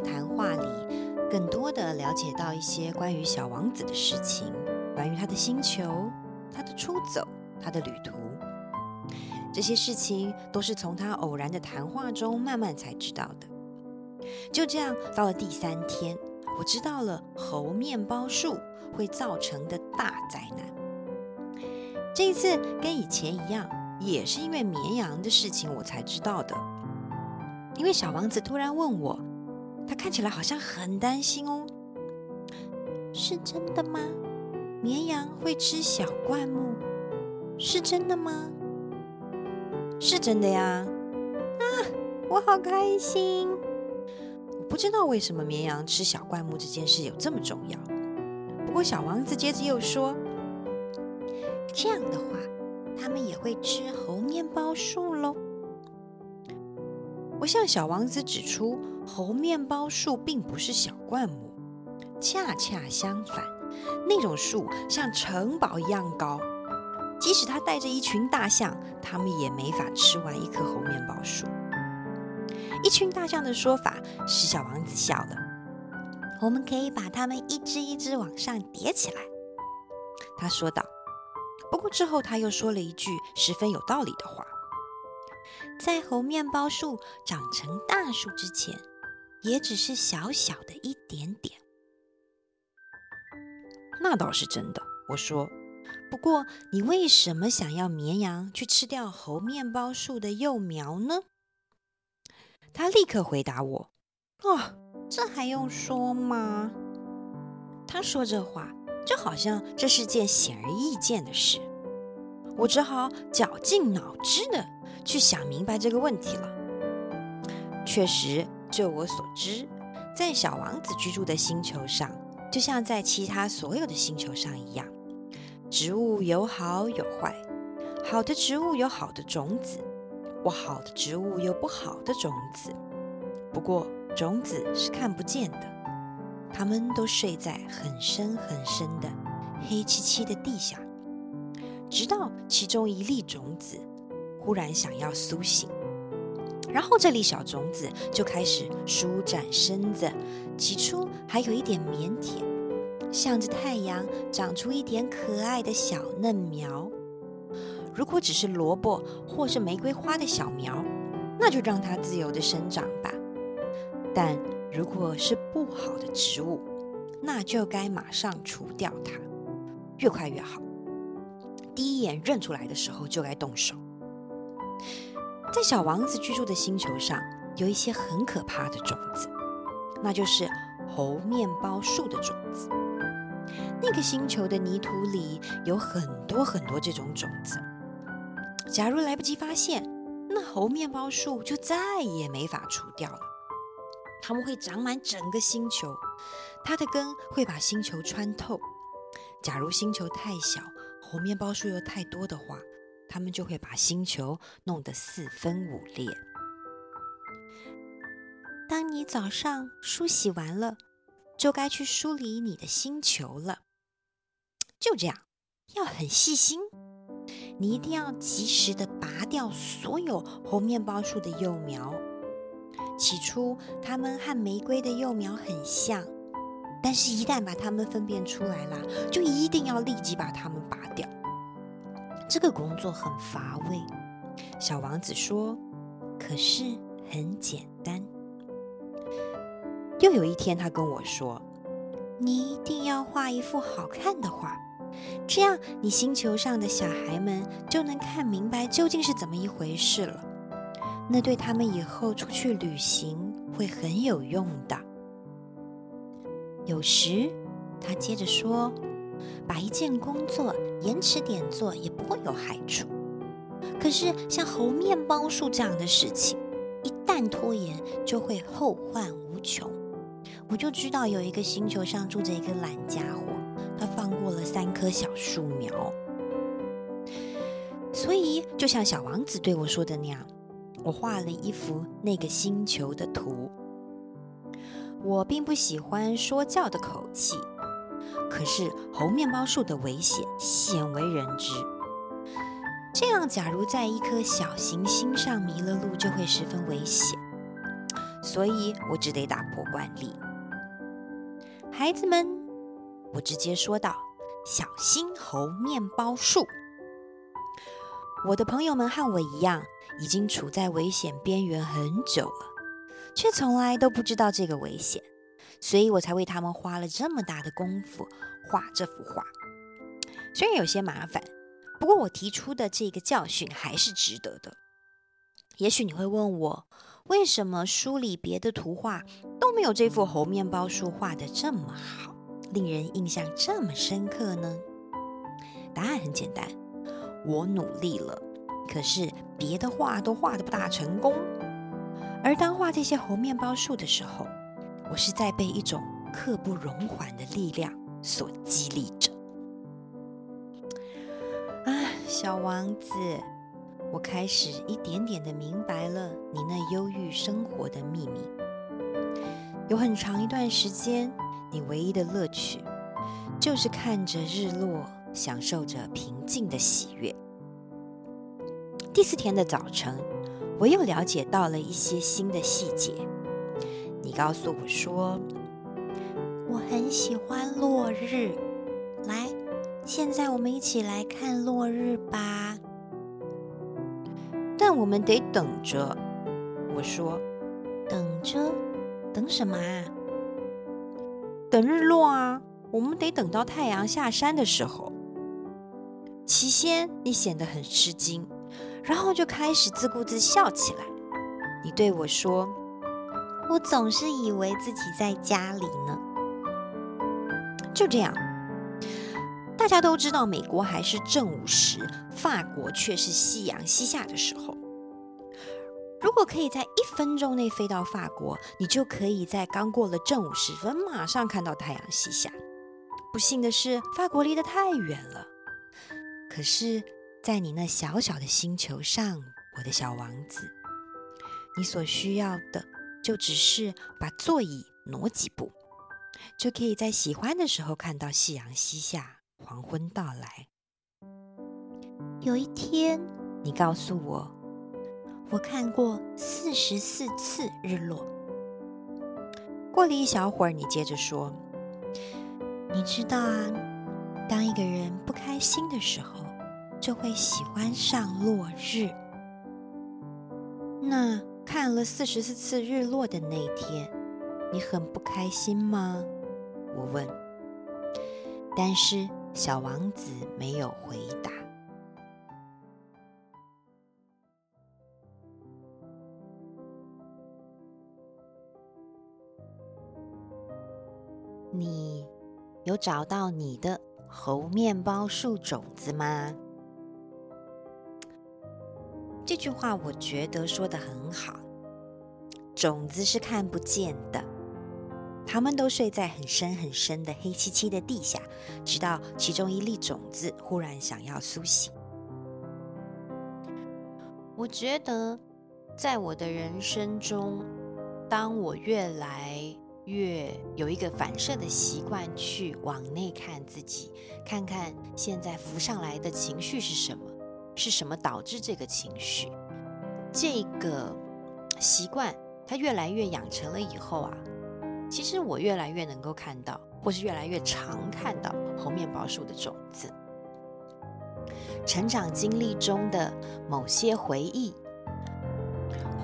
談話裡，更多的了解到一些關於小王子的事情，關於他的星球、他的出走、他的旅途，這些事情都是從他偶然的談話中慢慢才知道的。就這樣，到了第三天，我知道了猴麵包樹會造成的大災難。這一次跟以前一樣，也是因為綿羊的事情我才知道的，因為小王子突然問我。他看起來好像很擔心哦，是真的嗎？綿羊會吃小灌木，是真的嗎？是真的呀！啊，我好開心！我不知道為什麼綿羊吃小灌木這件事有這麼重要。不過小王子接着又說：“這樣的話，他們也會吃猴麵包樹嘍。”我向小王子指出，猴麵包樹並不是小灌木，恰恰相反，那種樹像城堡一樣高。即使他帶着一群大象，他們也沒法吃完一棵猴麵包樹。一群大象的說法使小王子笑了。我們可以把它們一隻一隻往上疊起來，他說道。不過之後他又說了一句十分有道理的話。在猴麵包樹長成大樹之前，也只是小小的一點點。那倒是真的，我說。不過，你為什麼想要綿羊去吃掉猴麵包樹的幼苗呢？他立刻回答我：“啊、哦，這還用說嗎？”他說這話，就好像這是件顯而易見的事。我只好絞盡腦汁的。去想明白這個問題了。確實，就我所知，在小王子居住的星球上，就像在其他所有的星球上一樣，植物有好有壞。好的植物有好的種子，不好的植物有不好的種子。不過，種子是看不見的，它們都睡在很深很深的黑漆漆的地下，直到其中一粒種子。忽然想要蘇醒，然後這粒小種子就開始舒展身子，起初還有一點靦腆，向着太陽長出一點可愛的小嫩苗。如果只是蘿蔔或是玫瑰花的小苗，那就讓它自由的生長吧。但如果是不好的植物，那就該馬上除掉它，越快越好。第一眼認出來的時候就該動手。在小王子居住的星球上，有一些很可怕的種子，那就是猴麵包樹的種子。那個星球的泥土裡有很多很多這種種子。假如來不及發現，那猴麵包樹就再也沒法除掉了。它們會長滿整個星球，它的根會把星球穿透。假如星球太小，猴麵包樹又太多的話，他們就會把星球弄得四分五裂。當你早上梳洗完了，就該去梳理你的星球了。就這樣，要很細心。你一定要及時的拔掉所有猴麵包樹的幼苗。起初，它們和玫瑰的幼苗很像，但是一旦把它們分辨出來了，就一定要立即把它們拔掉。這個工作很乏味，小王子說：“可是很簡單。”又有一天，他跟我說：“你一定要畫一幅好看的畫，這樣你星球上的小孩們就能看明白究竟是怎麼一回事了。那對他們以後出去旅行會很有用的。”有時，他接着說，把一件工作延遲點做也不會有害處，可是像猴面包樹這樣的事情，一旦拖延就會後患無窮。我就知道有一個星球上住着一個懶家伙，他放過了三棵小樹苗。所以，就像小王子對我說的那樣，我畫了一幅那個星球的圖。我並不喜歡說教的口氣。可是猴麵包樹的危險鮮為人知。這樣，假如在一顆小行星上迷了路，就會十分危險。所以我只得打破慣例。孩子們，我直接說道：“小心猴麵包樹！”我的朋友們和我一樣，已經處在危險邊緣很久了，卻從來都不知道這個危險。所以我才為他們花了這麼大的功夫畫這幅畫，雖然有些麻煩，不過我提出的這個教訓還是值得的。也許你會問我，為什麼書裡別的圖畫都沒有這幅猴面包樹畫得這麼好，令人印象這麼深刻呢？答案很簡單，我努力了，可是別的畫都畫得不大成功，而當畫這些猴面包樹的時候，我是在被一種刻不容緩的力量所激勵着啊，小王子，我開始一點點地明白了你那憂鬱生活的秘密。有很長一段時間，你唯一的樂趣就是看着日落，享受着平靜的喜悅。第四天的早晨，我又了解到了一些新的細節。你告訴我說，我很喜歡落日。來，現在我們一起來看落日吧。但我們得等着。我說，等着？等什麼啊？等日落啊！我們得等到太陽下山的時候。起先你顯得很吃驚，然後就開始自顧自笑起來。你對我說。我總是以為自己在家裡呢。就這樣，大家都知道，美國還是正午時，法國卻是夕陽西下的時候。如果可以在一分鐘內飛到法國，你就可以在剛過了正午時分，馬上看到太陽西下。不幸的是，法國離得太遠了。可是，在你那小小的星球上，我的小王子，你所需要的。就只是把座椅挪幾步，就可以在喜歡的時候看到夕陽西下，黃昏到來。有一天，你告訴我，我看過四十四次日落。過了一小會兒，你接着說：“你知道啊，當一個人不開心的時候，就會喜歡上落日。”那。看了四十四次日落的那天，你很不開心嗎？我問。但是小王子沒有回答。你有找到你的猴麵包樹種子嗎？這句話我覺得說得很好。種子是看不見的，他們都睡在很深很深的黑漆漆的地下，直到其中一粒種子忽然想要甦醒。我覺得，在我的人生中，當我越來越有一個反射的習慣，去往內看自己，看看現在浮上來的情緒是什麼。是什麼導致這個情緒？這個習慣，它越來越養成了以後啊，其實我越來越能夠看到，或是越來越常看到猴麵包樹的種子。成長經歷中的某些回憶，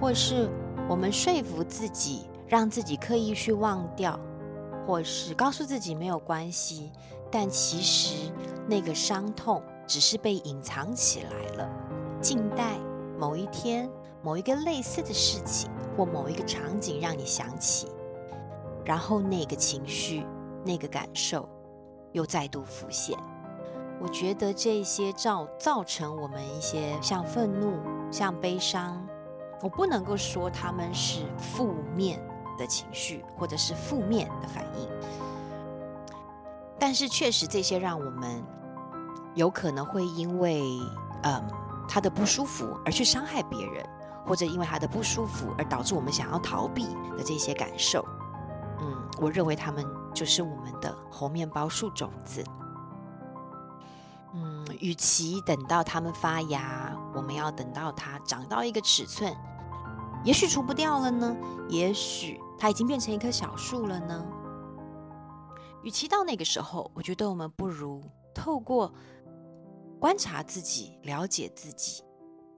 或是我們說服自己，讓自己刻意去忘掉，或是告訴自己沒有關係，但其實那個傷痛。只是被隱藏起來了，靜待某一天，某一個類似的事情或某一個場景讓你想起，然後那個情緒，那個感受又再度浮現。我覺得這些造造成我們一些像憤怒、像悲傷，我不能夠說它們是負面的情緒或者是負面的反應，但是確實，這些讓我們。有可能會因為嗯他、呃、的不舒服而去傷害別人，或者因為他的不舒服而導致我們想要逃避的這些感受，嗯，我認為他們就是我們的猴麵包樹種子，嗯，與其等到它們發芽，我們要等到它長到一個尺寸，也許除不掉了呢，也許它已經變成一棵小樹了呢。與其到那個時候，我覺得我們不如透過。觀察自己，了解自己，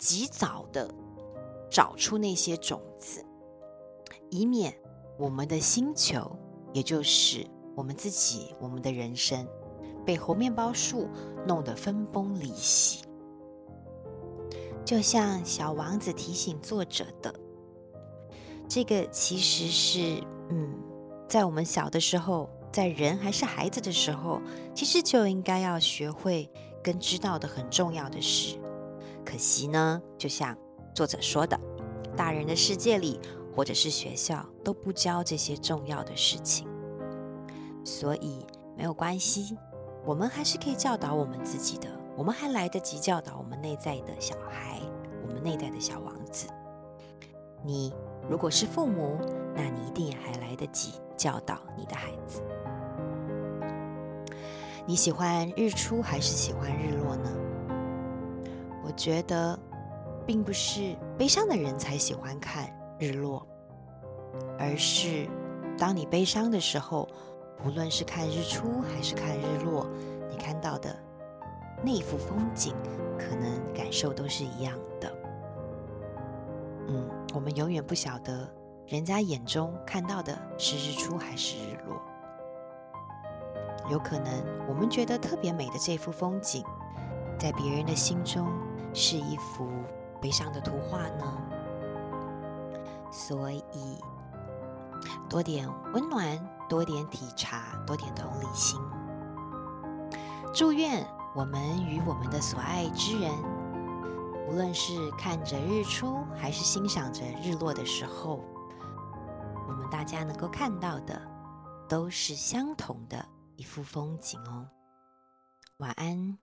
及早的找出那些種子，以免我們的星球，也就是我們自己，我們的人生，被猴面包樹弄得分崩離析。就像小王子提醒作者的，這個其實是，嗯，在我們小的時候，在人還是孩子的時候，其實就應該要學會。跟知道的很重要的事，可惜呢，就像作者說的，大人的世界裡，或者是學校都不教這些重要的事情，所以沒有關係，我們還是可以教導我們自己的，我們還來得及教導我們內在的小孩，我們內在的小王子。你如果是父母，那你一定還來得及教導你的孩子。你喜歡日出還是喜歡日落呢？我覺得，並不是悲傷的人才喜歡看日落，而是當你悲傷的時候，無論是看日出還是看日落，你看到的那幅風景，可能感受都是一樣的。嗯，我們永遠不曉得人家眼中看到的是日出還是日落。有可能，我們覺得特別美的這幅風景，在別人的心中是一幅悲傷的圖畫呢。所以，多點溫暖，多點體察，多點同理心。祝願我們與我們的所愛之人，無論是看着日出，還是欣賞着日落的時候，我們大家能夠看到的都是相同的。一幅風景哦，晚安。